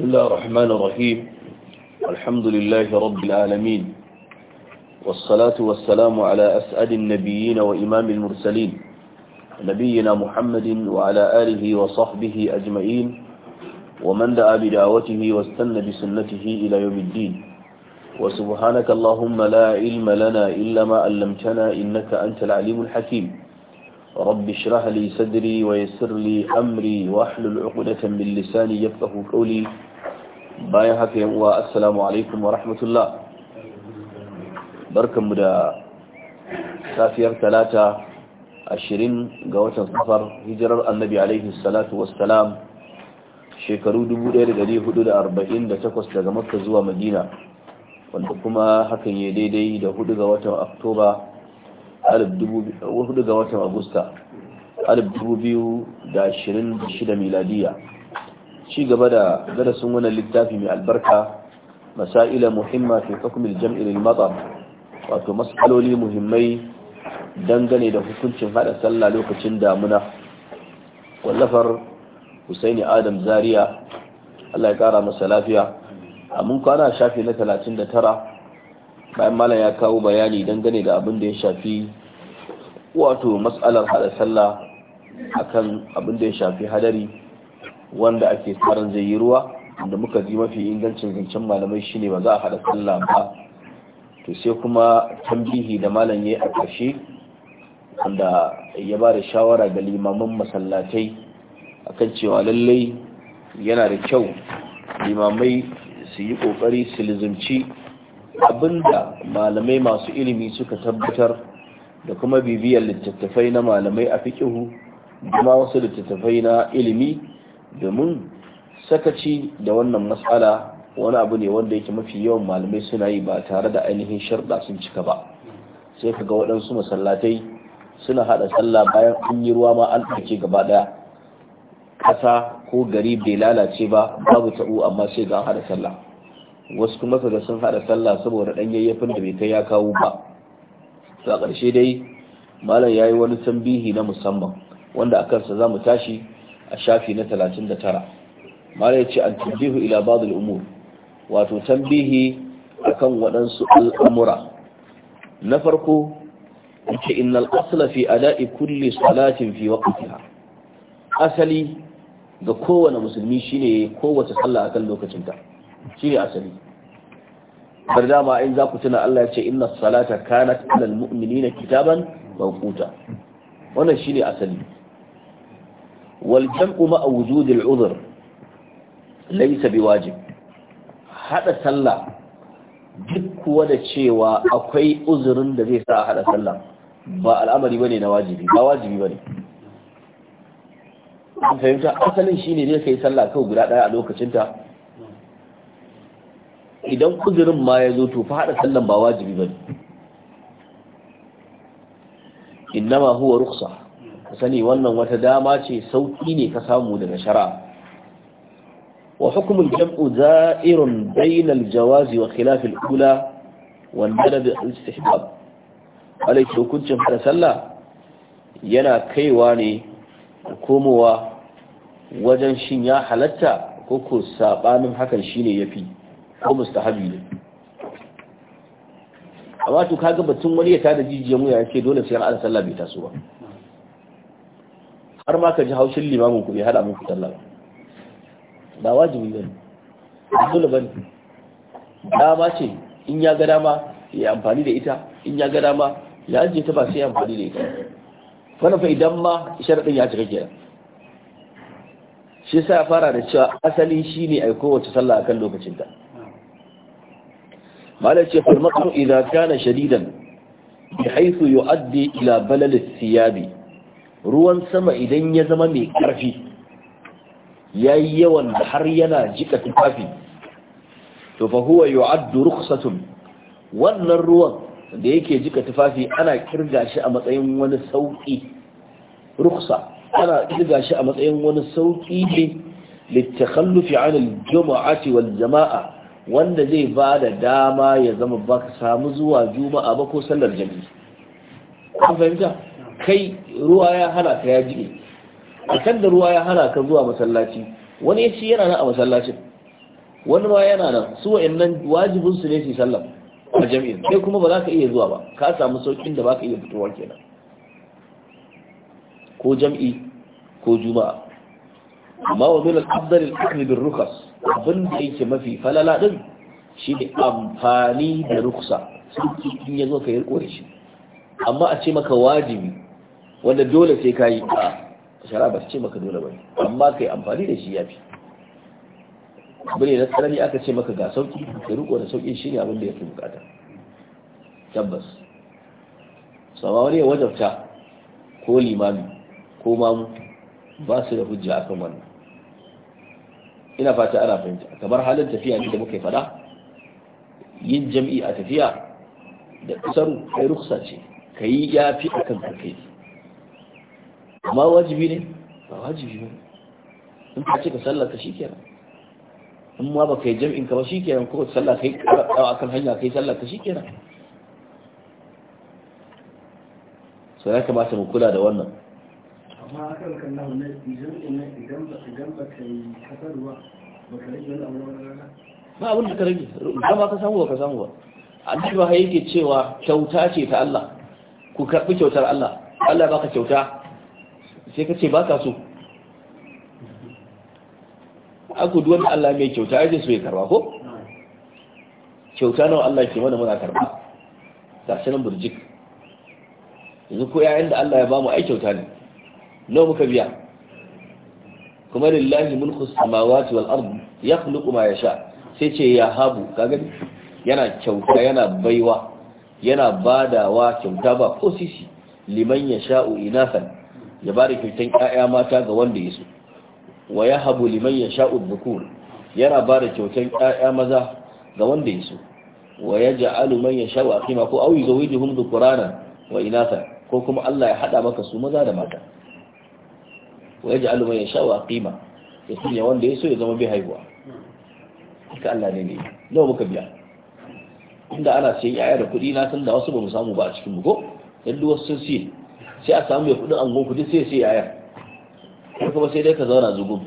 بسم الله الرحمن الرحيم الحمد لله رب العالمين والصلاة والسلام على أسعد النبيين وإمام المرسلين نبينا محمد وعلى آله وصحبه أجمعين ومن دعا بدعوته واستنى بسنته إلى يوم الدين وسبحانك اللهم لا علم لنا إلا ما علمتنا إنك أنت العليم الحكيم رب اشرح لي صدري ويسر لي أمري واحلل عقدة من لساني يفقه قولي bayan haka yan uwa assalamu alaikum wa rahmatullah barkanmu da safiyar talata ashirin ga watan safar hijirar annabi alaihi salatu wassalam shekaru 1448 daga makka zuwa madina wanda kuma hakan ya daidai da hudu ga watan oktoba hudu ga watan agusta 2026 miladiya ci gaba da darasin wannan littafi mai albarka masaila muhimma fi hukm al-jam' lil wato masaloli muhimmai dangane da hukuncin hada sallah lokacin damuna wallafar Husaini Adam Zaria Allah ya kara masa lafiya a mun kwana shafi na 39 bayan malam ya kawo bayani dangane da abin da ya shafi wato mas'alar hada sallah akan abin da ya shafi hadari wanda ake tsarin zai yi ruwa da muka ji mafi ingancin zancen malamai shine ba za a haɗa tsalla ba to sai kuma tambihi da malam ya a ƙarshe wanda ya ba da shawara ga limamin masallatai akan cewa lallai yana da kyau limamai su yi ƙoƙari su lizimci abinda malamai masu ilimi suka tabbatar da kuma bibiyar littattafai na malamai a fiƙihu kuma wasu littattafai na ilimi domin sakaci da wannan matsala wani abu ne wanda yake mafi yawan malamai suna yi ba tare da ainihin sharɗa sun cika ba sai ka ga waɗansu masallatai suna haɗa sallah bayan an yi ruwa ma an ɗauke gaba ɗaya ƙasa ko gari bai lalace ba babu ta'u amma sai ga haɗa sallah wasu kuma ga sun haɗa sallah saboda ɗan yayyafin da bai kai ya kawo ba to a ƙarshe dai malam ya yi wani tambihi na musamman wanda a kansa za mu tashi a shafi na 39 mala ya ce an tambihu ila ba'dul umur wato tambihi akan waɗansu al'amura na farko ce innal asla fi ada'i kulli salatin fi waqtiha asali ga kowane musulmi shine kowace sallah akan lokacinta shine asali bar dama in za ku tuna Allah ya ce inna salata kanat alal mu'minina kitaban mawquta wannan shine asali wal jam'u ma'a wujudil udhr laysa biwajib hada sallah duk kuwa da cewa akwai uzurin da zai sa a haɗa sallah ba al'amari ba ne na wajibi ba wajibi bane an fahimta asalin shi ne zai kai sallah kawai guda ɗaya a lokacinta idan uzurin ma ya zo to fa hada sallan ba wajibi ba bane innama huwa rukhsa ka sani wannan wata dama ce sauki ne ka samu daga shari'a wa hukumul jam'u za'irun bainal jawazi wa khilaf ula wanda madad al-istihbab alayhi hukuncin da sallah yana kaiwa ne komowa wajen shin ya halatta ko ko saɓanin hakan ya yafi ko mustahabi ne amma to kaga batun wani ya tada jijiyar mu ya ke dole sai an sallah bai taso ba har ma ka ji haushin limamin ku bai hada muku sallah ba wajibi ba ne dole ba ne dama ce in ya ga dama ya amfani da ita in ya ga dama ya ajiye ta ba sai ya amfani da ita wannan fa idan ma sharadin ya cika kenan shi sa ya fara da cewa asali shine ai kowace sallah akan lokacinta malam ce fal maqru idza kana shadidan bihaythu yuaddi ila balal thiyabi ruwan sama idan ya zama mai ƙarfi ya yi yawan da har yana jika tufafi to fa huwa yu'addu rukhsatun wannan ruwan da yake jika tufafi ana kirga shi a matsayin wani sauƙi rukhsa ana kirga shi a matsayin wani sauƙi ne litakhallufi 'an al wal jama'a wanda zai ba da dama ya zama ka samu zuwa juma'a ba ko sallar jami'i an fahimta kai ruwa ya hana ka ya jike a kan da ruwa ya hana ka zuwa masallaci wani ya ce yana nan a masallacin wani ruwa yana nan su wa'annan wajibin su ne su sallam? a jami'in sai kuma ba za ka iya zuwa ba ka samu saukin da ba ka iya fitowa kenan ko jam'i ko juma'a amma wa dole kaddar al-akhl bil abin da yake mafi falala din shi ne amfani da ruksa sun in ya zo ka yi shi amma a ce maka wajibi wanda dole sai ka yi a shara ba su ce maka dole bane amma ka yi amfani da shi yafi abu ne na tsanani aka ce maka ga sauki ka riko da sauki ne abin da ya fi bukata tabbas sama wani ya wajabta ko limami ko mamu ba su da hujja akan wannan ina fata ana fahimta kamar halin tafiya ne da yi fada yin jam'i a tafiya da kusan kai ruksa ce ka yi yafi akan karkai ma wajibi ne ba wajibi ne in ka ce ka sallar ka shi kenan in ma ba kai jam'in ka ba shi kenan ko sallar kai a kan hanya kai sallar ka shi kenan so ya kamata mu kula da wannan amma akan kan na wannan idan idan ba idan ba kai kasarwa ba ka rage wani abu ba abin da ka rage ba ka samu ba ka samu ba annabi ba yake cewa kyauta ce ta Allah ku karbi kyautar Allah Allah ba ka kyauta sai ka ce ba ka so aku duwanda Allah mai kyauta ya su ya karba ko kyauta nawa Allah ke mana muna karba ga shi nan burjik yanzu ko yayin da Allah ya bamu ai kyauta ne nawa muka biya kuma lillahi mulku samawati wal ard yakhluqu ma yasha sai ce ya habu kaga yana kyauta yana baiwa yana badawa kyauta ba ko sisi liman yasha'u inasan ya bada kyautan ƴaƴa mata ga wanda ya so wa ya habu liman yasha'u dhukur yana bada kyautan ƴaƴa maza ga wanda ya so wa ya yaj'alu man yasha'u aqima ko aw yuzawijuhum dhukurana wa inatha ko kuma Allah ya hada maka su maza da mata wa ya yaj'alu man yasha'u aqima ya sanya wanda ya so ya zama bai haihuwa haka Allah ne ne nawa muka biya inda ana sayan yaya da kuɗi na san da wasu ba mu samu ba a cikin mu ko yadda wasu sun siye sai a samu mai kudin angon kudi sai sai yaya ko kuma sai dai ka zauna zugun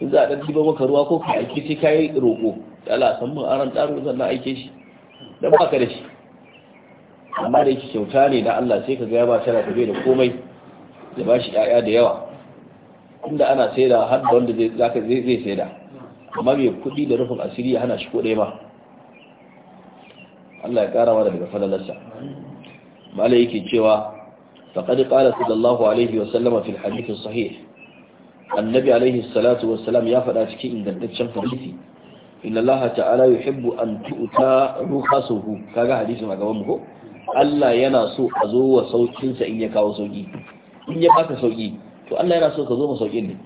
in za a ɗan diba maka ruwa ko ka aiki sai ka yi roƙo san mun aran tsaro na aike shi dan ba ka da shi amma da yake kyauta ne da Allah sai ka ga ya ba shi rafi da komai ya ba shi 'ya'ya da yawa inda ana saida har da wanda zai zaka zai zai saida amma mai kuɗi da rufin asiri ya hana shi ko ɗaya ma Allah ya kara mana daga fadalarsa malai yake cewa فقد قال صلى الله عليه وسلم في الحديث الصحيح النبي عليه الصلاة والسلام يافد أتكي إن دكتشن فريسي إن الله تعالى يحب أن تؤتى رخصه كاغا حديث ما قوامه Allah yana so a zo wa in ya kawo sauki in ya baka sauki to Allah yana so ka zo masaukin ne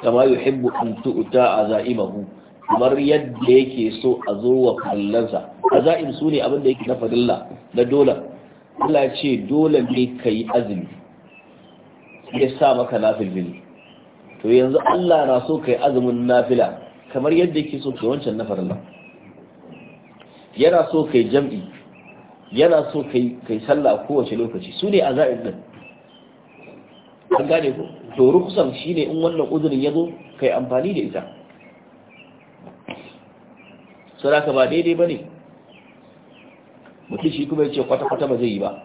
kama yuhibbu an azaimahu kamar yadda yake so a zo wa fallansa azaim sune abin da yake na fadilla na dola Allah ce dole ne ka yi azumi ya sa maka nafilin to yanzu Allah na so ka yi azumin nafila kamar yadda yake so ke wancan na farla yana so ka yi jam'i yana so ka yi sallah a kowace lokaci su ne a za'in nan an gane ku. to rukusan shi ne in wannan uzurin ya zo ka yi amfani da ita saraka ba daidai ba ne mutum shi kuma ya ce kwata-kwata ba zai yi ba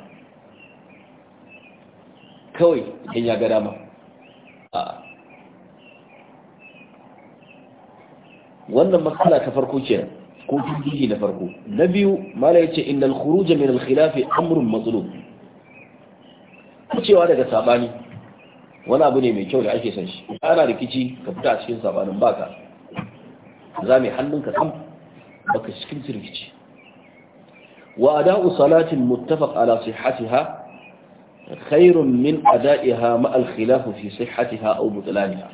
kawai idan ya ga dama wannan matsala ta farko kenan ko tunjiji na farko na biyu mala ce, innal khuruj min al khilaf amrun mazlum cewa daga sabani wani abu ne mai kyau da ake son shi ana rikici ka fita a cikin sabanin baka zame hannunka sam baka cikin rikici وأداء صلاة متفق على صحتها خير من أدائها مع الخلاف في صحتها أو بطلانها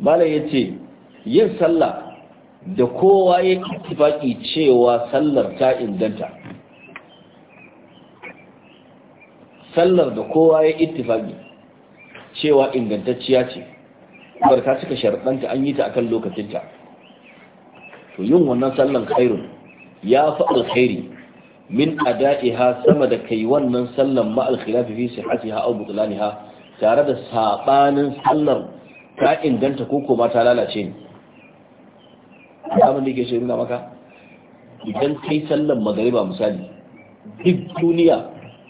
ما لا يتي yin sallah da kowa ya ittifaki cewa sallar ta sallar da kowa ya ittifaki cewa ingantacciya ce barka cika sharɗanta an yi ta akan lokacinta to yin wannan sallan khairun ya fi alkhairi min ha sama da kai wannan sallan ma alkhilafi fi sihhatiha aw butlaniha tare da sabanin sallar ta inganta ko kuma ta lalace ne abin da yake shi nuna maka idan kai sallan magariba misali duk duniya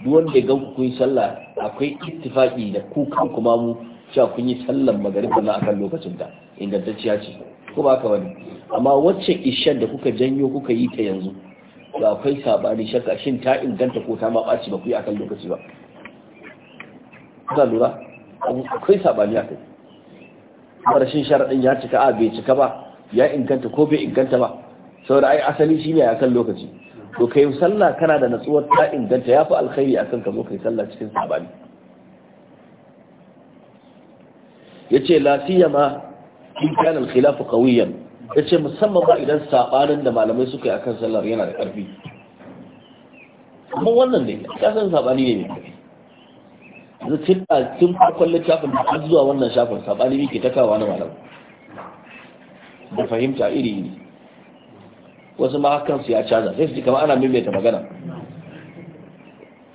duk wanda ya ganku kun sallah akwai ittifaki da kuka kumamu. kuma mu cewa kun yi sallan magarib na akan lokacin ta ingantacciya ce ko ba ka wani amma wacce ishen da kuka janyo kuka yi ta yanzu ba akwai sabani shakka shin ta inganta ko ta ma ɓaci ba ku yi akan lokaci ba za lura akwai sabani a kai rashin sharaɗin ya cika a bai cika ba ya inganta ko bai inganta ba saboda ai asali shi ne a kan lokaci to kai sallah kana da natsuwar ta inganta ya fi alkhairi akan ka zo kai sallah cikin sabani yace la siyama in kana al-khilafu qawiyan yace musamman ba idan sabanin da malamai suka yi akan sallar yana da karfi kuma wannan ne kasan san sabani ne mai karfi yanzu tilla tun farkon littafin da zuwa wannan shafin sabani ne ke takawa na malam da fahimta iri iri wasu ma hakan su ya caza sai su ji kamar ana maimaita magana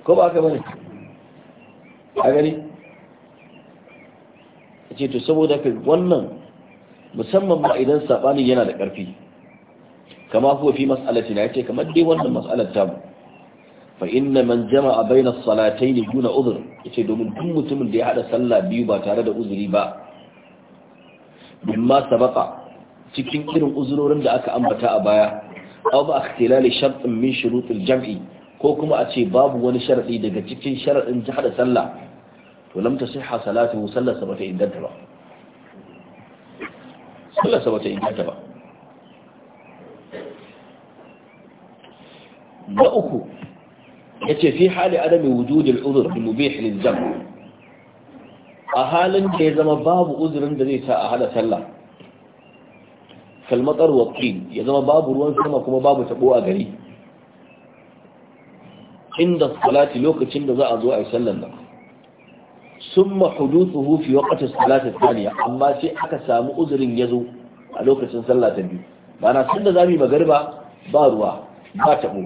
ko ba ka bane a gani ce to saboda ka wannan musamman ma idan sabanin yana da ƙarfi kama huwa fi mas'alatina yace kamar dai wannan mas'alar ta fa inna man jama'a baina as-salatayn duna udhr yace domin duk mutumin da ya hada sallah biyu ba tare da uzuri ba mimma sabaqa cikin irin uzurorin da aka ambata a baya aw ba ikhtilali shartin min shurut jami ko kuma a ce babu wani sharadi daga cikin sharadin hada sallah to lam tasihha salatu sallarsa bata inganta ba sallarsa bata inganta ba na uku yace fi hali adami wujud al-udhr al-mubih lil-jam' a halin da ya zama babu uzurin da zai sa a hada sallah kalmatar wakil ya zama babu ruwan sama kuma babu tabo a gari inda salati lokacin da za a zo a yi sallar nan summa huduthuhu fi waqti salati thaniya amma sai aka samu uzurin yazo a lokacin sallah ta biyu Bana sanda zamu yi magariba ba ruwa ba tabo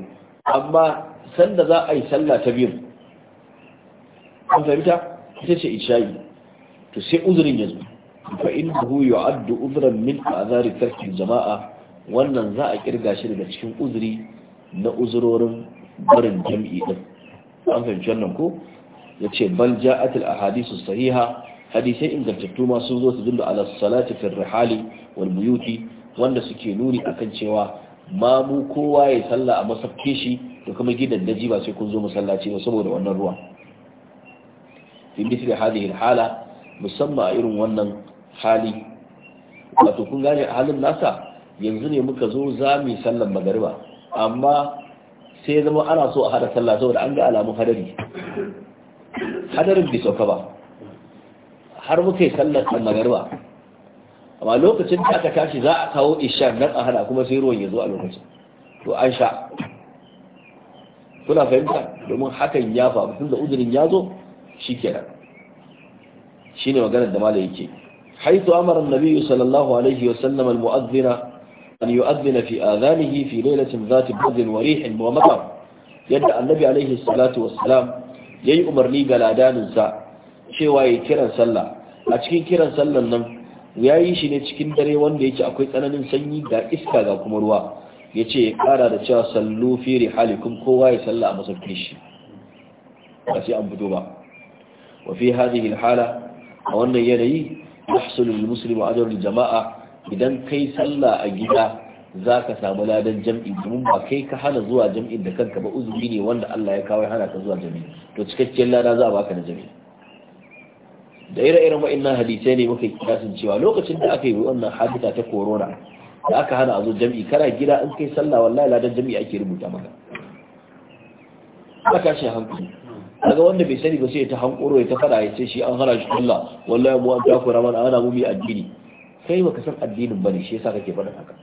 amma sanda za a yi sallah ta biyu an fahimta ita ce isha'i to sai uzurin yazo fa innahu yu'addu udran min a'zari tarki jama'a wannan za a kirga shi daga cikin uzuri na uzurorin barin jam'i din an fahimci wannan ko yace bal ja'at al ahadithu sahiha hadisai ingantattu ma sun zo su dillu ala salati fi rihali wal buyuti wanda suke nuni akan cewa ma mu kowa ya salla a masafke shi da kuma gidan daji ba sai kun zo masallaci ba saboda wannan ruwa fi misli hadhihi al hala musamman a irin wannan hali wato kun gane a halin nasa yanzu ne muka zo za mu sallan magariba amma sai zama ana so a hada sallah saboda an ga alamun hadari hadarin bai sauka ba har muka yi sallar magarba amma lokacin da aka tashi za a kawo isha nan a hana kuma sai ruwan ya zo a lokacin to an sha kuna fahimta domin hakan ya faru tun da uzurin ya zo shi kenan shine maganar da mala yake haitu amara nabi sallallahu alaihi wa sallam al mu'adhdhina an yu'adhdhina fi adhanihi fi lailatin dhati bardin wa rihin wa matar yadda annabi alaihi salatu wassalam ya yi umarni ga ladaninsa cewa ya kiran sallah a cikin kiran sallan nan ya yi shi ne cikin dare wanda yake akwai tsananin sanyi ga iska ga kuma ruwa ya ce ya kara da cewa sallu fi rihalikum kowa ya salla a masaukin shi ba sai an fito ba wa fi hadhihi hala a wannan yanayi yahsulu lil musulmi ajrul jama'a idan kai sallah a gida za ka samu ladan jam'i domin ba kai ka hana zuwa jam'i da kanka ba uzuri ne wanda Allah ya kawo hana ka zuwa jam'i to cikakkiyar lada za a baka na jam'i da ire-iren wa'annan hadisai ne muka kiyasin cewa lokacin da aka yi wannan hadita ta corona da aka hana a zo jam'i kana gida in kai sallah wallahi ladan jam'i ake rubuta maka aka shi hankali daga wanda bai sani ba sai ta hankoro ya ta fada ya ce shi an hana shi Allah wallahi mu an takura mana ana mu bi addini kai baka san addinin bane shi yasa kake faɗin haka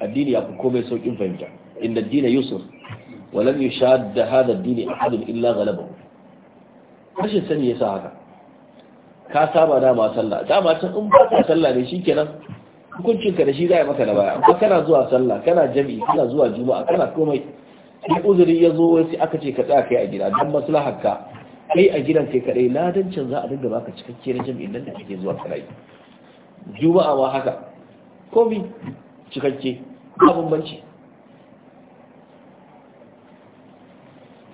addini ya ko komai saukin fahimta inda dina yusuf walam yushadda hada dini ahadun illa ghalabahu rashin sani yasa haka ka saba dama sallah dama can in ba ka sallah ne shikenan hukuncin ka da shi za a maka da baya amma kana zuwa sallah kana jami'i kana zuwa juma'a kana komai sai uzuri ya zo wai sai aka ce ka tsaya kai a gida dan maslahar ka kai a gidan kai kadai ladancin za a dinga baka cikakke na jami'in nan da kake zuwa kana juma'a ma haka komi cikakke ba bambanci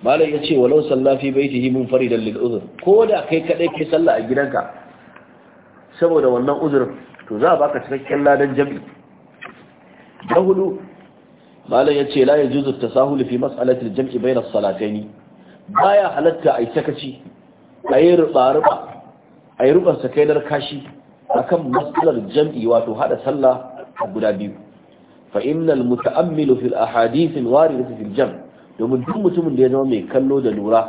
malam ya ce walau sallafi baitihi mun faridan lil uzur ko da kai kaɗai kai sallah a gidanka saboda wannan uzur, to za a baka cikakken ladan jami da hudu malam ya ce la ya juzu tasahul fi mas'alatil jam'i bayna Ba baya halatta yi sakaci ayi ruba ruba yi ruban sakainar kashi akan matsalar jam'i wato hada sallah guda biyu fa innal muta'ammilu fil ahadith al waridati fil jam domin duk mutumin da ya zama mai kallo da lura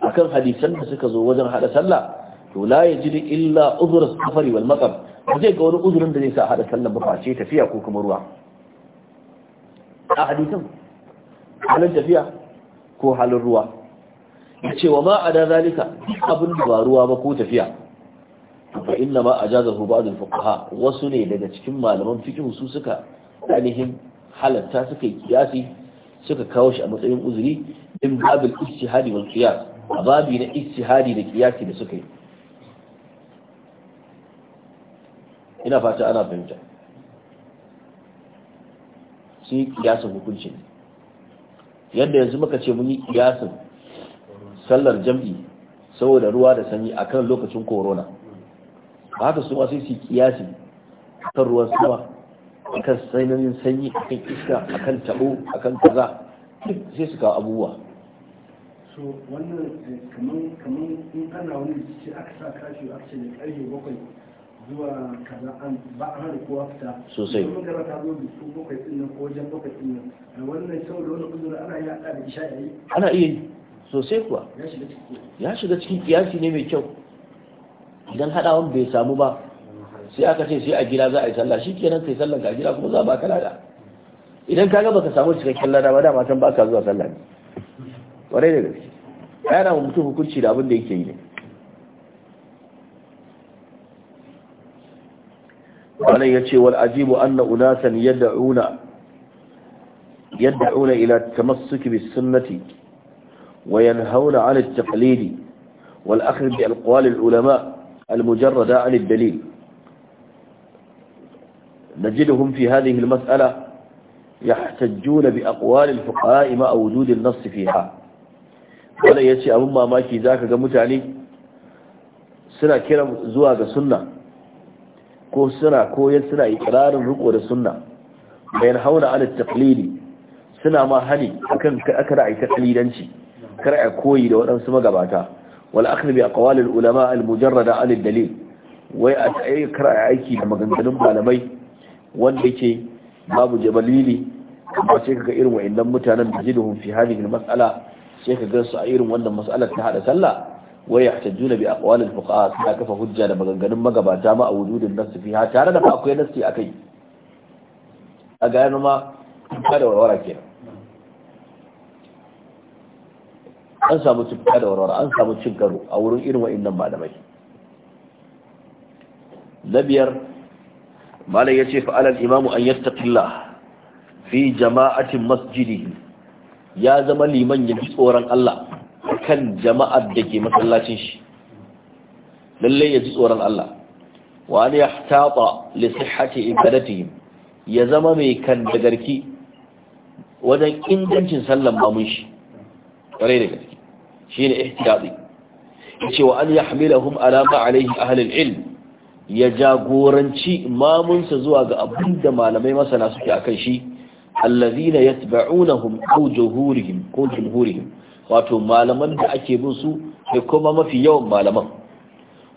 akan hadisan da suka zo wajen hada sallah to la yajidu illa uzur safari wal matab zai ga wani uzurin da zai sa hada sallah ba face tafiya ko kuma ruwa a hadisan halin tafiya ko halin ruwa ya ce wa ma a da zalika abin da ba ruwa ba ko tafiya fa inna ma ajazahu ba'd al-fuqaha wasu ne daga cikin malaman fiqh su suka ainihin halatta suka yi kiyasi suka kawo shi a matsayin uzuri din babin ijtihadi wal qiyas a babi na ijtihadi da kiyasi da suka yi ina fata ana fahimta sun yi kiyasin hukuncin yadda yanzu muka ce mun yi kiyasin sallar jam'i saboda ruwa da sanyi akan lokacin korona haka su ma sai su yi kiyasi kan ruwan sama akan sainanin sanyi akan iska akan tabo akan kaza duk sai su kawo abubuwa so wannan eh, kaman kaman in ana wani ce aka sa kashi aka ce da karfe bakwai zuwa kaza an ba a hana kowa fita sosai kuma gaba ta zo bisu bakwai din nan ko wajen bakwai din nan eh, wannan saboda wani uzuri ana iya hada da isha yayi ana iya yi sosai kuwa ya shiga cikin kiyasi ne mai kyau idan hadawan bai samu ba sai aka ce sai a gida za a yi sallah shi kenan kai sallan ka a gida kuma za a baka lada idan ka ga baka samu cikakken lada ba da matan baka zuwa sallah ne kwarai da gaske yana wa mutum hukunci da abin da yake yi ne wannan ya ce wal ajibu anna unasan yad'una yad'una ila tamassuki bis sunnati wa yanhauna 'ala at-taqlidi wal akhdh bi aqwal al-ulama al-mujarrada 'ala ad-dalil نجدهم في هذه المسألة يحتجون بأقوال الفقهاء مع وجود النص فيها ولا يتي أمم ما كي ذاك متعني سنة كرم زواج سنة ko suna koyar suna ikirarin riko da sunna bayan hauna ala taqlidi suna ma hali kan akara ai taqlidanci kar ai koyi da wadansu magabata wal akhd bi aqwal al ulama al mujarrada an al dalil wai a kar aiki maganganun malamai wanda yake babu jabalili kamar sai kaga irin wa'annan mutanen da jiduhum fi hadhihi mas'ala sai ka gansu a irin wannan mas'alar ta hada sallah wa yahtajuna bi aqwal al-fuqaha sai kafa hujja da maganganun magabata ma a wujudin nasu fi ha tare da fa akwai nasi akai a ga yana ma tuka da warwara kenan an samu tuka da warwara an samu cin karo a wurin irin wa'annan malamai na biyar malai ya ce fa'alar imamu an yattaqilla fi jama'atin masjidi ya zama liman ya ji tsoron Allah kan jama'ar da ke masallacin shi lalle ya ji tsoron Allah wa an yahtata li ibadatihim ya zama mai kan dagarki wajen ingancin sallan mamun shi ƙwarai da gaske shine ihtiyati yace wa an yahmilahum ala ma alaihi ahlul ilm ya jagoranci mamunsa zuwa ga abin da malamai masana suke akan shi allazina yatba'unahum aw juhurihim ko wato malaman da ake bin su da kuma mafi yawan malaman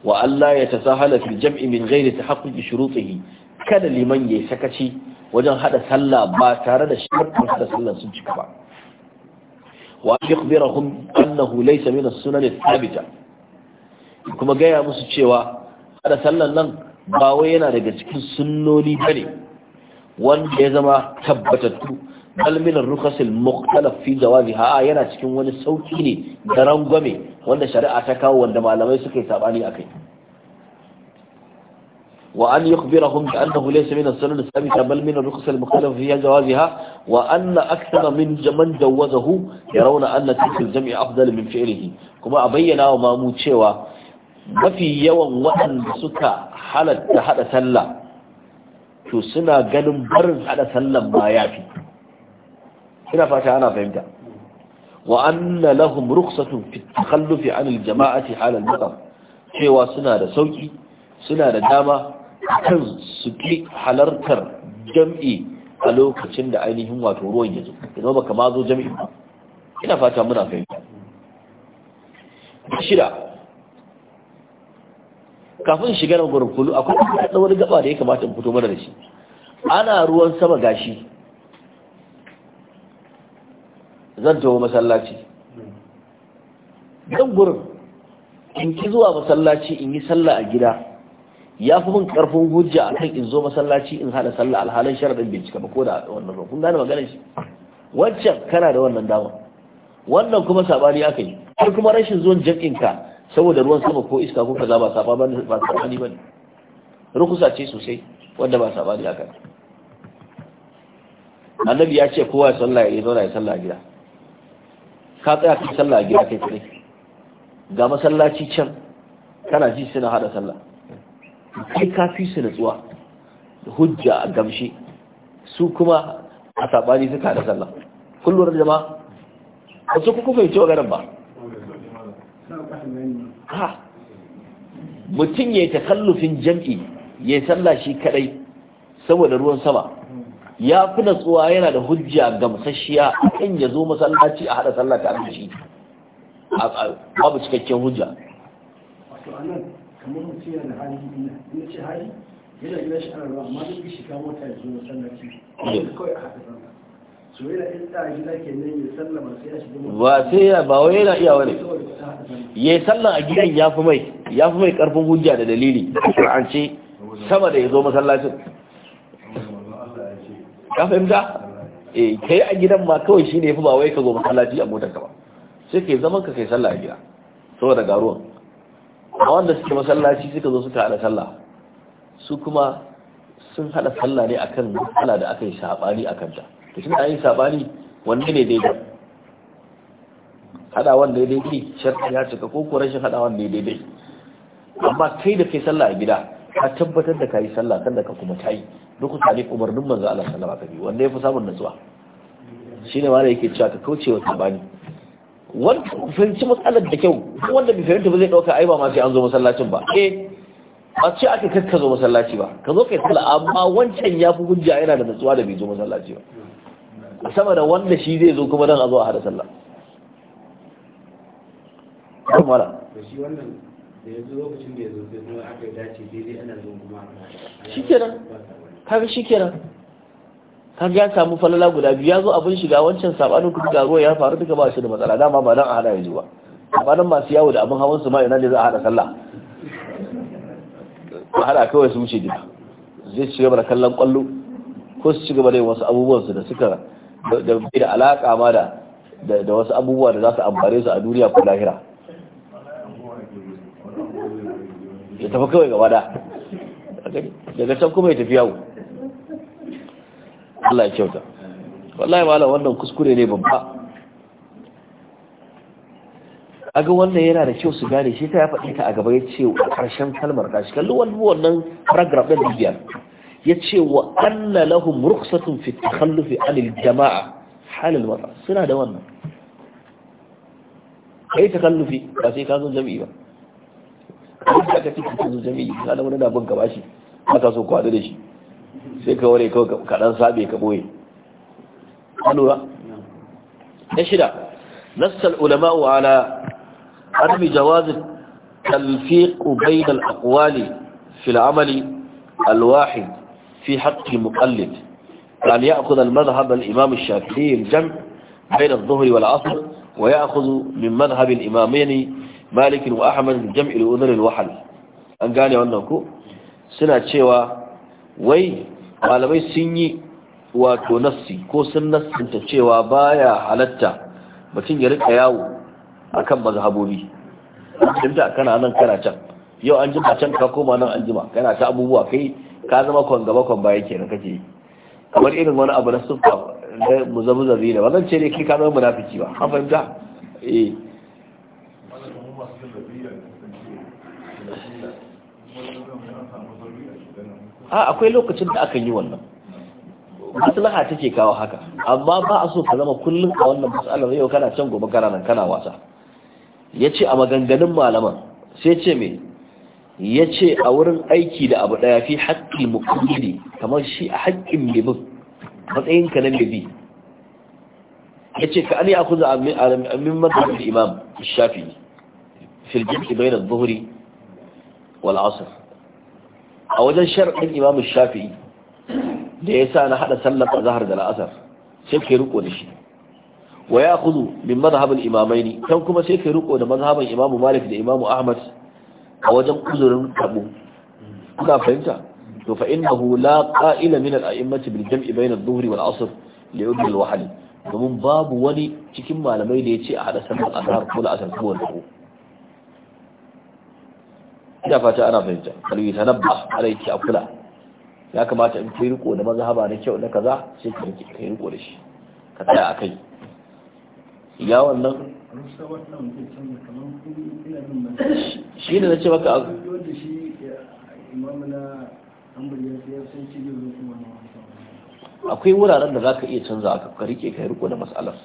wa Allah ya tasahala fil jam'i min ghairi tahaqquqi shurutihi kada liman yayi sakaci wajen hada sallah ba tare da shartun da sallan sun cika ba wa yukhbiruhum annahu laysa min as-sunan ath-thabita kuma gaya musu cewa da sallar nan ba yana daga cikin sunnoni ba ne wanda ya zama tabbatattu kalminar rukasil muktalafi da wazi ha'a yana cikin wani sauki ne da rangwame wanda shari'a ta kawo wanda malamai suka yi sabani a kai wa an yi kubira hun da annahu laysa min as-sunan as-sabita bal min ar-rukhsa al-mukhtalaf fiha jawaziha wa anna akthara min man jawazahu yarawna anna tilka al-jam'i afdal kuma a bayyana wa mamu cewa mafi yawan waɗanda suka halatta haɗa sallah to suna ganin barin haɗa sallah ma ya fi ina fata ana fahimta wa anna lahum rukhsatun fi takhallufi an jamaati hala al cewa suna da sauki suna da dama kan su ki halartar jam'i a lokacin da ainihin wato ruwan ya zo baka ma zo jam'i ba ina fata muna fahimta shida kafin shiga da gurin akwai da wani gaba da ya kamata in fito mana da shi ana ruwan sama gashi zan tawo masallaci dan gurin in ki zuwa masallaci in yi sallah a gida ya fi min karfin hujja a kan in zo masallaci in hada sallah alhalin sharadin bincika ba ko da wannan ba kun gane maganar shi wancan kana da wannan dama wannan kuma sabani aka yi har kuma rashin zuwan jam'in ka saboda ruwan sama ko iska ko kaza ba saba ba ba sabani ba rukusa ce sosai wanda ba sabani haka annabi ya ce kowa ya sallah ya zauna ya sallah gida ka tsaya ka sallah gida kai kai ga masallaci can kana ji suna hada sallah kai ka fi su natsuwa hujja a gamshi su kuma a sabani suka hada sallah kullum jama'a wasu kuka yi wa garin ba ha mutum ya yi takallufin jam'i ya yi sallah shi kadai saboda ruwan sama ya fi natsuwa yana da hujja gamsasshiya a kan ya zo masallaci a haɗa sallah ta da shi babu cikakken hujja yana gina shi ana ruwa amma duk shi kawo ta yanzu masallaci kawai a haka ba sai ya ba wai yana iyawa ne ya yi sallan a gidan ya fi mai ya fi mai karfin hujja da dalili an ce sama da ya zo masallacin ka fahimta eh yi a gidan ma kawai shi ya yafi ba wai ka zo masallaci a motar kama ba sai yi zaman ka kai sallah a gida saboda garuwan a wanda suke masallaci suka zo suka hada sallah su kuma sun hada sallah ne akan matsala da aka yi sabani a ta da shi da yi sabani wanne ne daidai hadawan daidai ne ya cika ko ko rashin hadawan ne daidai amma kai da kai sallah a gida ka tabbatar da kai sallah kan da ka kuma yi duk salif umarnin manzo Allah sallallahu alaihi wasallam wanda yafi samun nutsuwa shine wanda yake cewa ka kauce wa sabani wanda fahimci matsalar da kyau wanda bai fahimta ba zai dauka ai ba ma sai an zo masallacin ba eh ba ce aka kakka zo masallaci ba ka zo kai tala amma wancan ya fi hujja yana da natsuwa da bai zo masallaci ba a sama da wanda shi zai zo kuma don a zo a hada sallah kan wala shi wannan ya kaga ya samu falala guda biyu ya zo abin shiga wancan sabanin kuma ga ruwa ya faru duka ba shi da matsala dama ba don a hada yanzu ba ba don masu yawo da abin hawan su ma ina ne za a hada sallah ba hada kawai su wuce gida zai ci gaba da kallon kwallo ko su ci gaba da wasu wasu abubuwansu da suka da bai da alaka ma da da wasu abubuwa da za su ambare su a duniya ko lahira ya tafi kawai gaba da daga can kuma ya tafi yawo Allah ya kyauta wallahi malam wannan kuskure ne babba Aga wannan yana da kyau su gane shi ta ya faɗi ta a gaba ya ce a ƙarshen kalmar gashi kalli wani wannan paragraph ɗin biyar ya ce wa anna lahum rukhsatun fi takhallufi anil jama'a halil mata suna da wannan kai takallufi ba sai ka zo jami'i ba duk da kake ka zo jami'i ka da wani na bin gaba shi ba ka so ku haɗu da shi sai ka ware kawai ka dan sabe ka boye an lura na shida nassal ulama'u ala عدم جواز التلفيق بين الأقوال في العمل الواحد في حق المقلد أن يأخذ المذهب الإمام الشافعي الجمع بين الظهر والعصر ويأخذ من مذهب الإمامين مالك وأحمد الجمع لأذن الوحل أن قال أنه سنة شوى وي قال وي سني wato nassi ko sun nassanta cewa baya halatta mutum ya rika yawo akan mazhabobi kinta kana nan kana can yau an jima can ka koma nan an jima kana ta abubuwa kai ka zama kon gaba kon baya kenan kake kamar irin wani abu na sufa da muzabuzabi ne wannan ce ne kai ka zama munafiki ba an fahimta eh a akwai lokacin da akan yi wannan maslaha take kawo haka amma ba a so ka zama kullum a wannan matsalar yau kana can gobe kana nan kana wasa ya ce a maganganun malaman sai ce me ya ce a wurin aiki da abu daya fi haƙƙin mukammili kamar shi a haƙƙin mai bin matsayinka na mai ya ce ka an yi akuza a min mazhabin imam shafi fil jami'i bayan zuhuri wal asr a wajen shar'in imam shafi da ya sa na haɗa sallar zahar da la'asar sai kai riko da shi Waya ya kudu min mazhabin imamai ne can kuma sai ka riko da mazhabin imamu malik da imamu ahmad a wajen kuzurin kabu kuna fahimta to fa innahu la qa'ila min al-a'immati bil jam'i bayna adh wal 'asr li yudri al domin babu wani cikin malamai da yace a hada sallar azhar ko la'asar ko wanda ko ina fata ana fahimta kalwi tanabba alayki akula ya kamata in kai riko da mazhaba na kyau na kaza sai ka riko da shi ka tsaya kai. ya wannan shi ne na ce maka abu akwai wuraren da za ka iya canza a ka rike ka riko da matsalar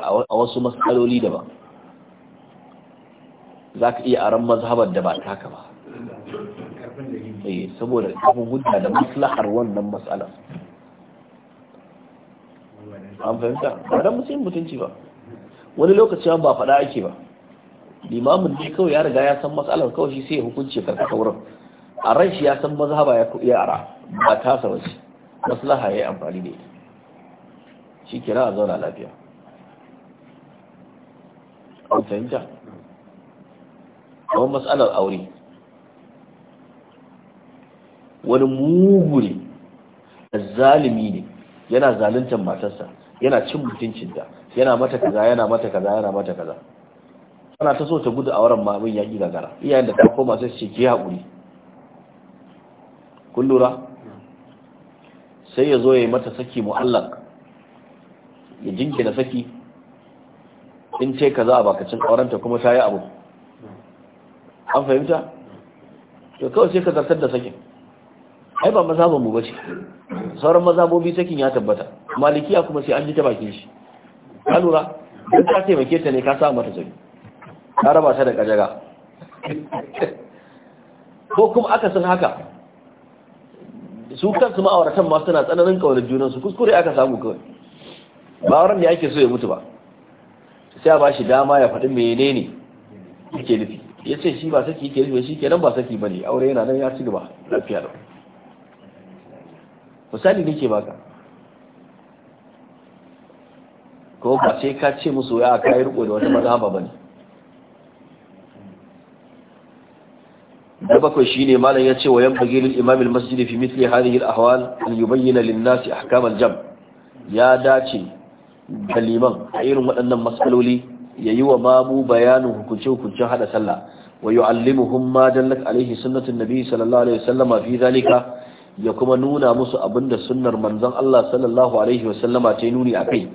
a wasu matsaloli da ba za ka iya aron mazhabar da ba taka ba eh, saboda kafin da maslahar wannan matsalar an fahimta ba dan musulmi mutunci ba wani lokaci ba faɗa ake ba limamin ne kawai ya riga ya san matsalar kawai shi sai ya hukunce karkata wurin a ran shi ya san mazhaba ya yara ba ta sa wace maslaha ya amfani da ita shi kira a zauna lafiya an fahimta kamar matsalar aure wani mugu ne zalimi ne yana zaluntar matarsa yana cin mutuncinta yana mata kaza yana mata kaza yana mata kaza ana ta so ta gudu a wurin mamin yaƙi gagara iyayen da ta koma sai ce ki haƙuri kun lura sai ya zo ya yi mata saki mu'allak ya jinkina saki in ce kaza a bakacin aurenta kuma ta yi abu an fahimta to kawai sai ka zartar da sakin ai ba mazhabin mu ba ce. sauran mazabobi sakin ya tabbata malikiya kuma sai an ji ta bakin shi ka lura don ka taimake ta ne ka sa mata zabi ka raba ta da kajaga ko kuma aka san haka su su ma'auratan ma suna tsananin kaunar junansu kuskure aka samu kawai ba wurin da ake so ya mutu ba sai ba shi dama ya faɗi menene yake nufi ya ce shi ba saki yake nufi shi nan ba saki ba ne aure yana nan ya ci gaba lafiya da misali nake baka ko ba sai ka ce musu ya a yi riko da wata ba ne. da bakwai shine malam ya ce wa yan bagi lil imam al masjid fi mithli hadhihi al ahwal an yubayyana lin nas ahkam al jam ya dace da liman a irin waɗannan matsaloli yayi wa mamu bayanin hukunce hukuncen hada sallah wa yu'allimuhum ma dallat alaihi sunnatun nabi sallallahu alaihi wasallama fi zalika ya kuma nuna musu abinda sunnar manzon Allah sallallahu alaihi wa sallama ta nuni akai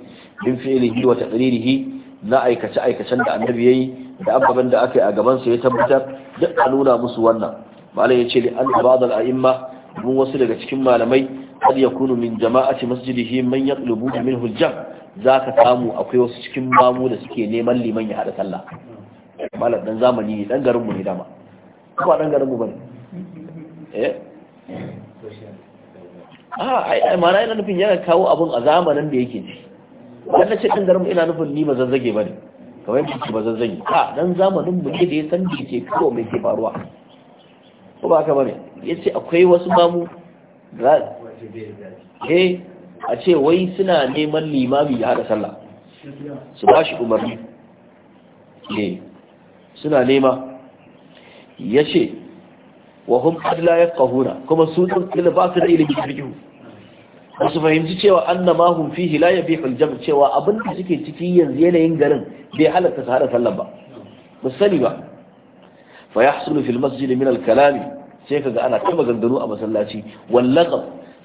bin fi'lihi wa taqririhi na aikace aikacen da annabi yayi da ababen da aka yi a gaban sa ya tabbatar duk a nuna musu wannan malai yace li an ba'd al a'imma mun wasu daga cikin malamai qad yakunu min jama'ati masjidihi man yatlubu minhu al-jam zaka samu akwai wasu cikin mamu da suke neman liman ya hada sallah malam dan zamani dan garin mu ne dama ba dan garin mu bane eh a ah, mana yana nufin yana kawo abun a zamanin da yake ci dan na ce ɗan garin ina nufin ni ba zazzage ba ne kamar yadda ba zazzage a dan zamanin mu ne da yasan san da ke kawo mai ke faruwa ko ba haka bane ya ce akwai wasu mamu da he? Eh, a ce wai suna neman limami ya haɗa sallah su ba shi umarni eh suna nema ya ce wa hum qad la kuma su din kila ba su da ilimin fiqh ba su fahimci cewa annama hum fihi la ya al-jabr cewa abin da suke ciki yanzu yanayin garin bai halatta su hada sallah ba ba sani ba fa yahsulu fil masjid min al-kalami sai kaga ana kuma gangano a masallaci wal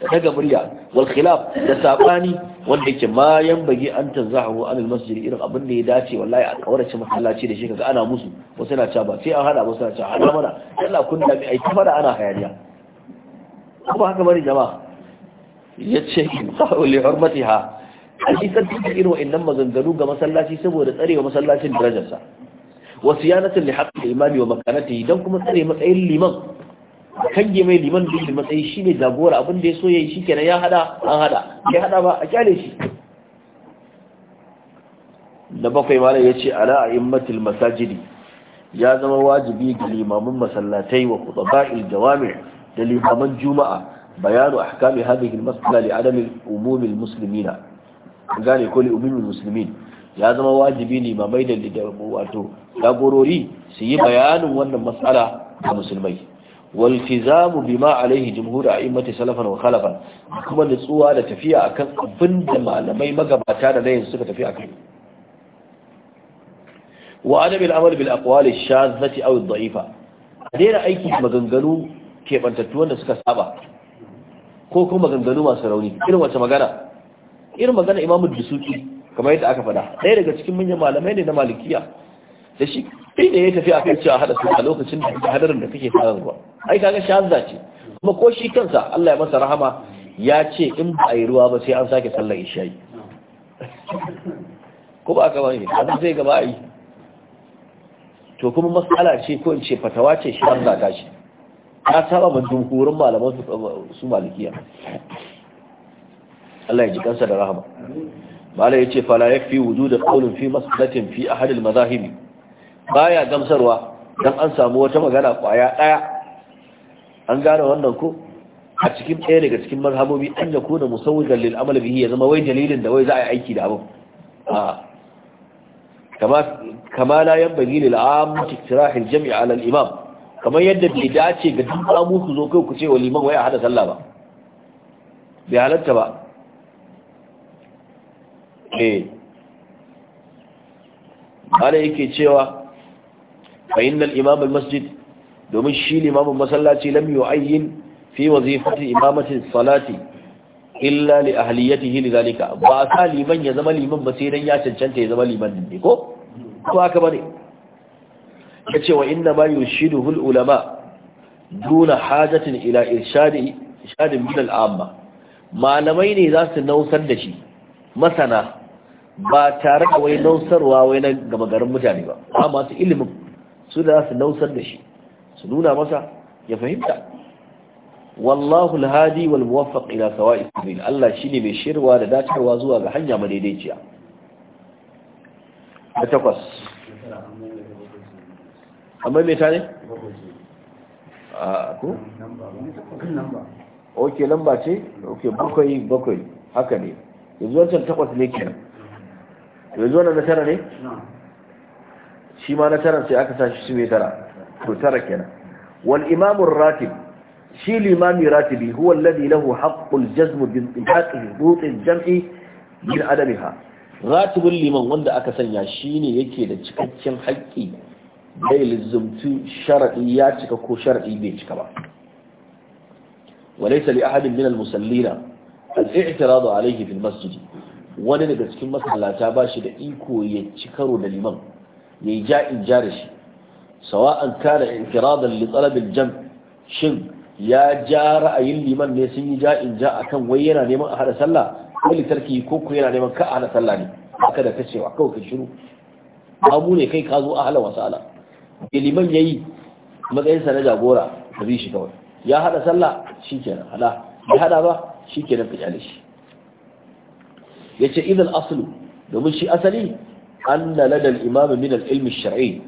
daga murya wal khilaf da sabani wanda yake ma bagi an tanzahu an al masjid irin abin da ya dace wallahi a kaurace masallaci da shi kaga ana musu wasu na ca ba sai an hada wasu na ca ana mana Allah kun da ai ta fara ana hayaniya kuma haka bari jama'a yace li hurmatiha hadisan da irin wa'annan maganganu ga masallaci saboda tsarewa masallacin darajarsa wa siyanatin li haqqi imami wa makanatihi dan kuma tsare matsayin liman kange mai liman da yake matsayi shine jagora abin da ya so shi kenan ya hada an hada ya hada ba a kyale shi da bakwai malam ce ala a'immatil masajidi ya zama wajibi ga limamin masallatai wa ba'il jawami' da limaman juma'a bayanu a hadhihi hadihin masala li adamin umumin al gane ko li umum ya zama wajibi limamai da wato jagorori su yi bayanin wannan mas'ala ga musulmai waltizamu bima alaihi jumhur a'immati salafan wa kuma nutsuwa da tafiya akan abin da malamai magabata da nayin suka tafi akan wa adam al-amal bil aqwal ash-shadhati aw ad-da'ifa daina aiki maganganu kebantattu wanda suka saba ko kuma maganganu masu rauni irin wace magana irin magana imamu dusuki kamar yadda aka faɗa ɗaya daga cikin manyan malamai ne na malikiya da shi sai da ya tafi a kan cewa hada suna lokacin da hadarin da take fara zuwa ai kaga shahada ce kuma ko shi kansa Allah ya masa rahama ya ce in ba a yi ruwa ba sai an sake sallar isha'i ko ba ka bane a zai gaba a yi to kuma matsala ce ko in ce fatawa ce shi an zaka shi ta saba ma jumhurin malaman su malikiya Allah ya ji kansa da rahama malai yace fala yakfi da qawlin fi masalatin fi ahadil al baya gamsarwa don an samu wata magana kwaya ɗaya an gane wannan ko a cikin ɗaya daga cikin mazhabobi an ya kuna musawwijan lil amal bihi ya zama wai dalilin da wai za a yi aiki da abin kama kama la bagi lil ammati iktirah al jami' ala al imam kamar yadda bai dace ga duk amu ku zo kai ku ce wa liman wai a hada sallah ba bai halatta ba eh ala yake cewa fa innal masjid domin shi limamin masallaci lam ayyin fi wazifati imamatin salati illa li hili zalika ba sa liman ya zama liman ba sai dan ya cancanta ya zama liman ne ko ko haka bane yace wa inna ma yushiduhu ulama duna hajatin ila irshadi irshadin min al'amma malamai ne za su nausar da shi masana ba tare da wai nausarwa wai na gaba garin mutane ba amma su ilimin su da za su nausar da shi su nuna masa ya fahimta wallahu alhadi wal muwaffaq ila sawa'i sabil Allah shine mai shirwa da dacewa zuwa ga hanya madaidaiciya da takwas amma me tare a ko ok lamba ce ok bakwai bakwai haka ne yanzu wancan takwas ne kenan yanzu wannan na tara ne shi ma na taran sai aka sa shi su mai tara to tara kenan wal imamu ratib shi limami ratibi huwa alladhi lahu haqqul jazm bi intiqaqi dhut al-jam'i min adamiha ratibul liman wanda aka sanya shine yake da cikakken haƙƙi bai lizumtu sharadi ya cika ko sharadi bai cika ba وليس لأحد من المسلين الاعتراض عليه في المسجد wani daga cikin masallata ba shi da iko ya ci karo da liman ya yi ja'in ja da shi sawa'an kana infiradan li talabil jam shin ya ja ra'ayin liman ne sun yi ja'in ja akan wai yana neman a hada sallah ko litarki ko ku yana neman ka a hada sallah ne haka da kacewa kawai ka shiru abu ne kai ka zo a hala wasala liman yayi matsayin sa na jagora ka bi shi kawai ya hada sallah shikenan hada ya hada ba shikenan ka kyale shi yace idan aslu domin shi asali anna ladal imami min ilmin ilm shar'i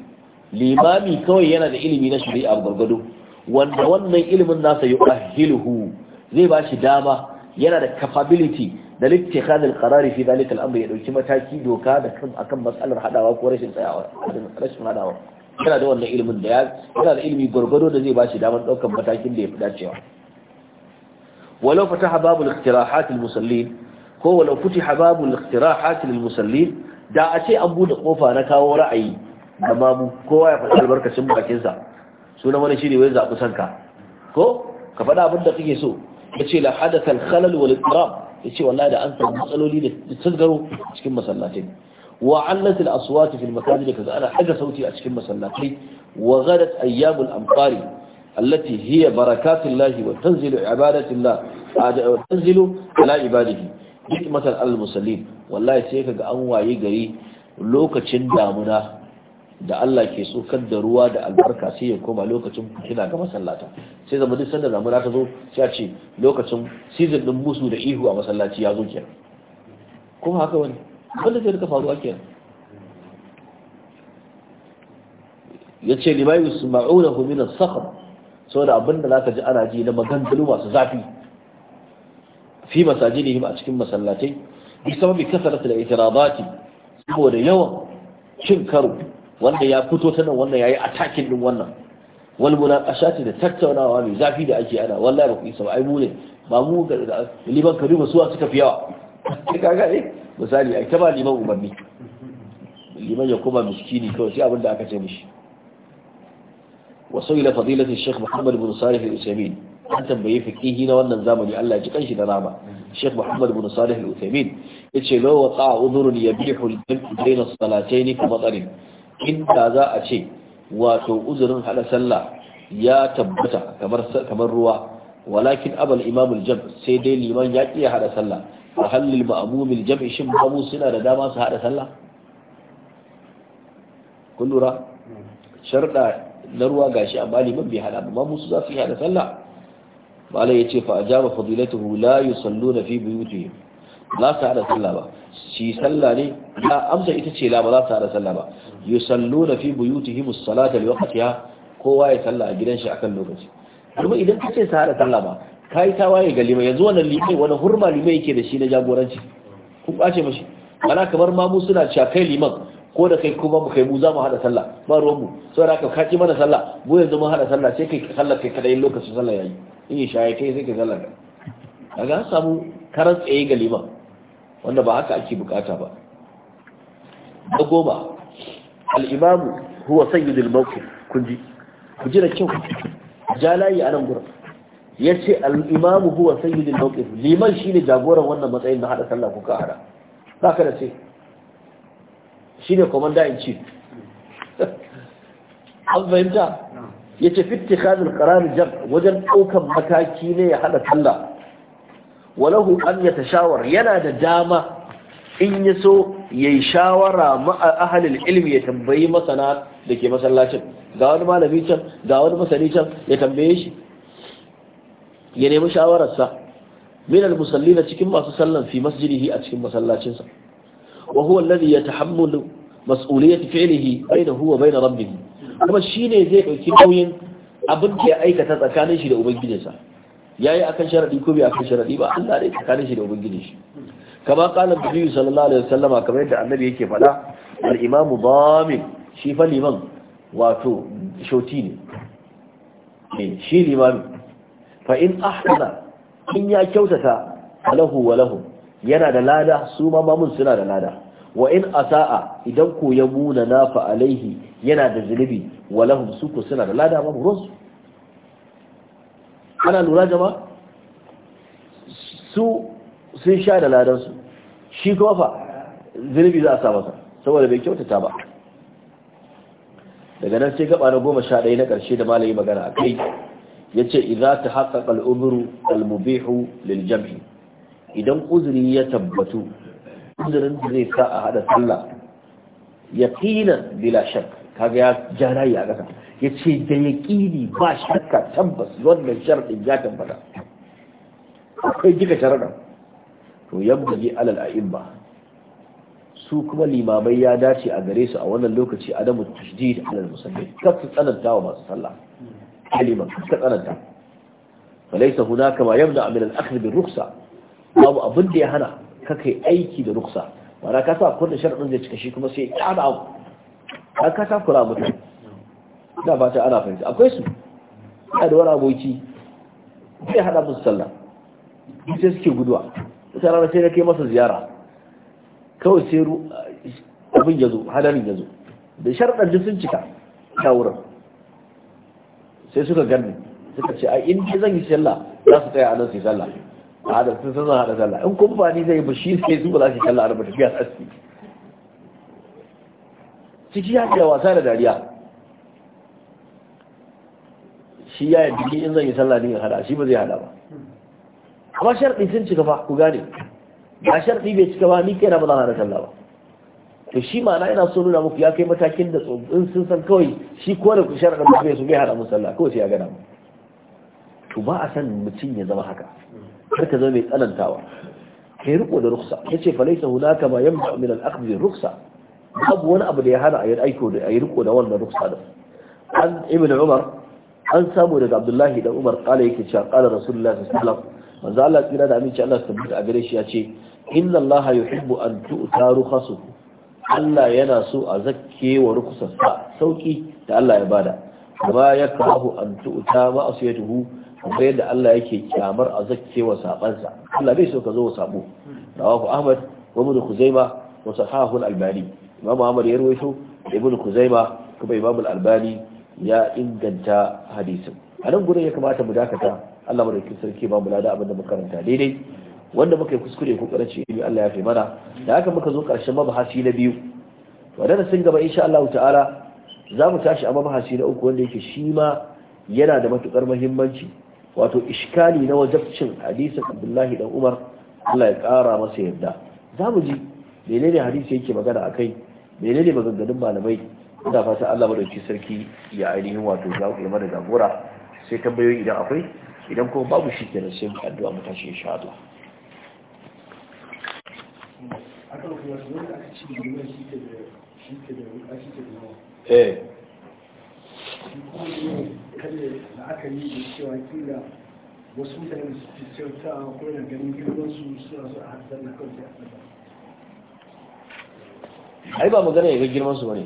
limami kawai yana da ilimi na shari'a gwargwado wanda wannan ilimin nasa yu'ahhiluhu zai ba shi dama yana da capability da littihad al-qarari fi dalika al-amr ya dauki mataki doka da kan akan matsalar hadawa ko rashin tsayawa rashin hadawa yana da wannan ilimin da yana da ilimi gwargwado da zai ba shi damar daukan matakin da ya fi dacewa ولو فتح باب الاقتراحات المسلين هو لو فتح باب الاقتراحات للمسلين da a ce an bude kofa na kawo ra'ayi ga mamu kowa ya faɗi albarkacin bakinsa suna wani shi ne wai zaɓi sanka ko ka faɗa abin da kake so ya ce la hadathal khalal wal istirab ya ce wallahi da an samu matsaloli da tasgaro cikin masallatai wa allatil aswat fil masajid kaza ana haga sauti a cikin masallatai wa ghadat ayyamul amqari التي هي بركات الله وتنزل عبادة الله وتنزل على عباده wallahi sai kaga an waye gari lokacin damuna da Allah ke sokar da ruwa da albarka sai ya koma lokacin kina ga masallata sai zama duk sanda damuna ta zo sai a ce lokacin season din musu da ihu a masallaci ya zo kenan kuma haka wani wanda zai rika faruwa kenan ya ce lima su ma'auna huminan sau da abinda za ka ji ana ji na maganganu masu zafi fi masajinihim a cikin masallatai بسبب كثرة الاعتراضات هو yawan cin karo wanda ya fito sanan wannan yayi attacking din wannan wal munaqashati da tattaunawa mai zafi da ake ana wallahi ba ku isa ba ne ba mu ga liban ka duba suwa suka fi yawa kaga ne misali ni ta ba liman umarni liman ya kawai sai abin da aka ce mishi وسئل فضيلة الشيخ محمد بن صالح الإسلامين an tambaye fiqihi na wannan zamani Allah ji kanshi da rama Sheikh Muhammad bin Salih Al-Uthaymeen yace law waqa udhrun yabihu al-jam'u bayna as-salatayn fa matsarin inda za a ce wato uzurin hada sallah ya tabbata kamar kamar ruwa walakin abal imam al-jam sai dai liman ya kiya hada sallah fa hal lil ma'mum al-jam shin mamu suna da dama su hada sallah kun lura sharda na ruwa gashi amma liman bai hada ba mamu su za su yi hada sallah malai yace fa ajaba fadilatuhu la na fi buyutihim za su haɗa sallah ba shi sallah ne la amsa ita ce la ba za su haɗa sallah ba na fi buyutihim as-salata li waqtiha kowa ya sallah a gidan shi akan lokaci kuma idan ka ce ta haɗa sallah ba kai ta waye ga limai yanzu wannan limai wani hurma limai yake da shi na jagoranci Ku ɓace mashi ana kamar ma mu suna cakai liman ko da kai kuma kai mu za mu hada sallah ba ruwan mu sai da ka kaci mana sallah mu yanzu mun hada sallah sai kai sallah kai kada yin lokacin sallah yayi in ya shaye kai sai kai sallah ka kaga an samu karan tsaye ga liman wanda ba haka ake bukata ba da goma al-imamu huwa sayyidul mawqif kun ji ku ji da kyau jalayi a nan gurin yace al-imamu huwa sayyidul mawqif liman shine jagoran wannan matsayin na hada sallah kuka hada zaka da sai shi ne komanda in ci. an fahimta ya ce fitti kazin karar jar wajen ɗaukan mataki ne ya haɗa talla walahu an ya ta shawar yana da dama in ya so ya yi shawara ahalin ilmi ya tambayi masana da ke masallacin ga wani malami can ga wani masani can ya tambaye shi ya nemi shawararsa min al-musalli cikin masu sallan fi masjidihi a cikin masallacinsa wa huwa alladhi yatahammalu mas'uliyati fi'lihi bainahu wa bain rabbih kuma shine zai ɗauki nauyin abin da ya aikata tsakanin shi da ubangijinsa yayi akan sharadi ko akan sharadi ba Allah ne tsakanin shi da ubangijin shi kama qala nabi sallallahu alaihi wasallama kamar yadda annabi yake faɗa al-imam dhamin shi fa wato shoti ne ne shi fa in in ya kyautata lahu wa yana da lada su ma mamun suna da lada wa in asa'a idan ko ya muna nafa alaihi yana da zulubi walahum su ko suna da lada mamun ruwansu ana lura jama su sun sha da ladansu shi kuma fa zulubi za a sa masa saboda bai kyautata ba daga nan sai gaba na goma sha ɗaya na ƙarshe da malayi magana a kai ya ce iza ta haƙaƙa al'umuru al-mubihu lil jam'i idan uzuri ya tabbatu uzurin da zai sa a hada sallah yaqinan bila shak kaga ya jarayi a Ya yace da yaqini ba shakka tabbas wannan sharadin ya tabbata akwai jika sharadin to yabbi alal a'imma su kuma limamai ya dace a gare su a wannan lokaci adamu da alal musallin kar su tsananta wa masu sallah kaliman kar tsananta falaysa hunaka ma yabda min al-akhdh babu abin da ya hana ka kai aiki da ruksa mana ka sa kunna sharadin zai cika shi kuma sai ya hana abu a ka sa kura mutane ina fata ana fahimta akwai su ina da wani aboki sai hada musu sallah sai suke guduwa wata rana sai na kai masa ziyara kawai sai abin ya zo hadarin ya zo da sharaɗar duk sun cika ta wurin sai suka gani suka ce a in zan yi sallah za su tsaya a nan su yi sallah a da sun sun haɗa sallah in kumfani zai yi bashi sai su ba za su kalla arba tafiya a ciki ciki ya kira wasa da dariya shi ya yi in zan yi sallah ne ya hada shi ba zai hada ba amma sharɗi sun cika ba ku gane ba sharɗi bai cika ba ni kera ba zan hada sallah ba to shi ma'ana ina so nuna muku ya kai matakin da tsofaffin sun san kawai shi kowane da ku sharɗin ba zai su bai hada musalla kawai sai ya gana mu to ba a san mutum ya zama haka kar ka zama mai tsanantawa kai riko da ruksa yace fa laysa hunaka ma yamna min al-akhdh ruksa babu wani abu da ya hana a aiko da ayi riko da wannan ruksa da an ibn umar an samu daga abdullahi dan umar kala yake cewa kala rasulullahi sallallahu alaihi wasallam manzo Allah tsira da aminci Allah tabbata a gare shi yace inna Allah yuhibbu an tu'ta rukhasu Allah yana so a zakke wa rukusarsa sauki da Allah ya bada ba ya kahu an tu'ta ma'asiyatuhu kamar yadda Allah yake kyamar a zakkewa sabansa Allah bai so ka zo sabo rawahu Ahmad wa Ibn Khuzaimah wa sahahu al-Albani Imam Ahmad ya rawaito Ibn kuzaima kuma Imam al-Albani ya inganta hadisin a nan gurin ya kamata mu dakata Allah madaukakin sarki ba mu lada abin da muka karanta daidai wanda muka yi kuskure ko karanci ilimi Allah ya fi mana da haka muka zo karshen mabahasi na biyu wadanda sun gaba insha Allah ta'ala za mu tashi a mabahasi na uku wanda yake shi ma yana da matukar muhimmanci wato ishkali na wajabcin hadisin abdullahi dan umar Allah ya kara masa yadda za mu ji menene hadisi yake magana a kai menene maganganun malamai ina fasa Allah madauki sarki ya ainihin wato za ku mana jagora sai tambayoyi idan akwai idan kuma babu shi ke sai mu addu'a mu tashi insha Allah eh shi kuma ne kalle da aka yi da cewa kila wasu mutane su fi sauta ganin girman su suna a hasar na kawai a ai ba magana ya ga girman su bane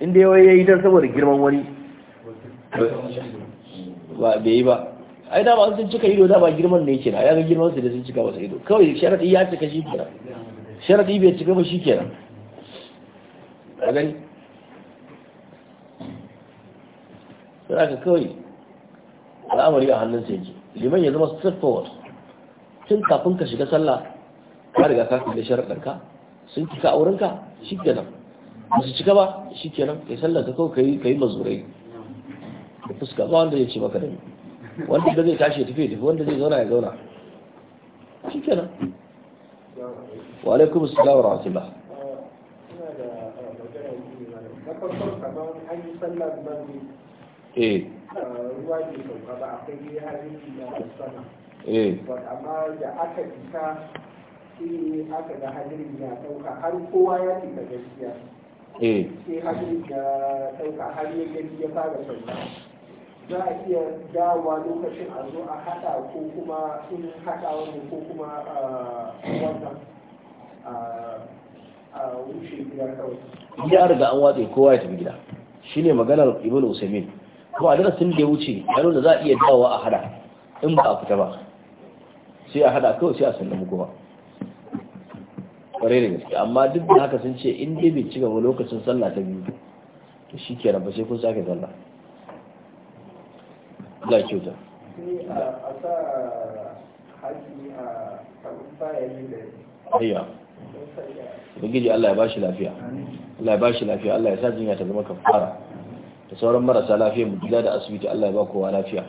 inda yawai ya yi don saboda girman wani ba bai yi ba ai da ba sun cika ido da ba girman ne yake na ya ga girman su da sun cika masa ido kawai sharadi ya cika shi kenan sharadi bai cika ba shi kenan a gani sai aka kawai al'amari a hannun sai liman ya zama straight forward tun kafin ka shiga sallah ka riga ka kalle sharaɗarka sun cika auren ka shikenan ba su cika ba shikenan kai sallah ka kawai ka yi mazurai da fuska ba wanda ya ce maka da wanda ba zai tashi tafi tafi wanda zai zauna ya zauna shikenan wa alaikum assalam wa rahmatullah na farko kamar an yi sallar eh ruwa ke sauka ba akwai dai na sama eh amma da aka isa shi aka ga hadirin ya sauka har kowa ya tuka gaskiya eh sai hadirin ya sauka har ya ya fara sauka za a iya dawa lokacin a zo a hada ko kuma hada ah, ah, ah, wuce gida kawai ya riga an watse kowa ya tafi gida shi ne maganar ibn usaimin kuma a darasin da ya wuce yaro da za a iya dawowa a hada in ba a fita ba sai a hada kawai sai a sallamu kuma kwarai da gaske amma duk da haka sun ce in dai bai ci gaba lokacin sallah ta biyu to shi ke ba sai kun sake sallah za ya kyauta a sa haji a da ubangiji Allah ya shi lafiya Allah ya bashi lafiya Allah ya sa jinya ta zama kafara da sauran marasa lafiya mu gida da asibiti Allah ya ba kowa lafiya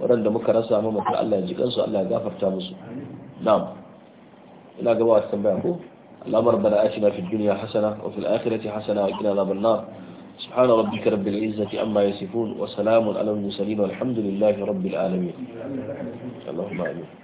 waɗanda muka rasa mu mutum Allah ya jikansu Allah ya gafarta musu na'am ina gaba tambaya ko al'amar bana a shiga fil duniya hasana wa fil akhirati hasana wa kina rabin na subhana rabbika rabbil izzati amma yasifun wa salamun ala al-mursalin walhamdulillahi rabbil alamin allahumma amin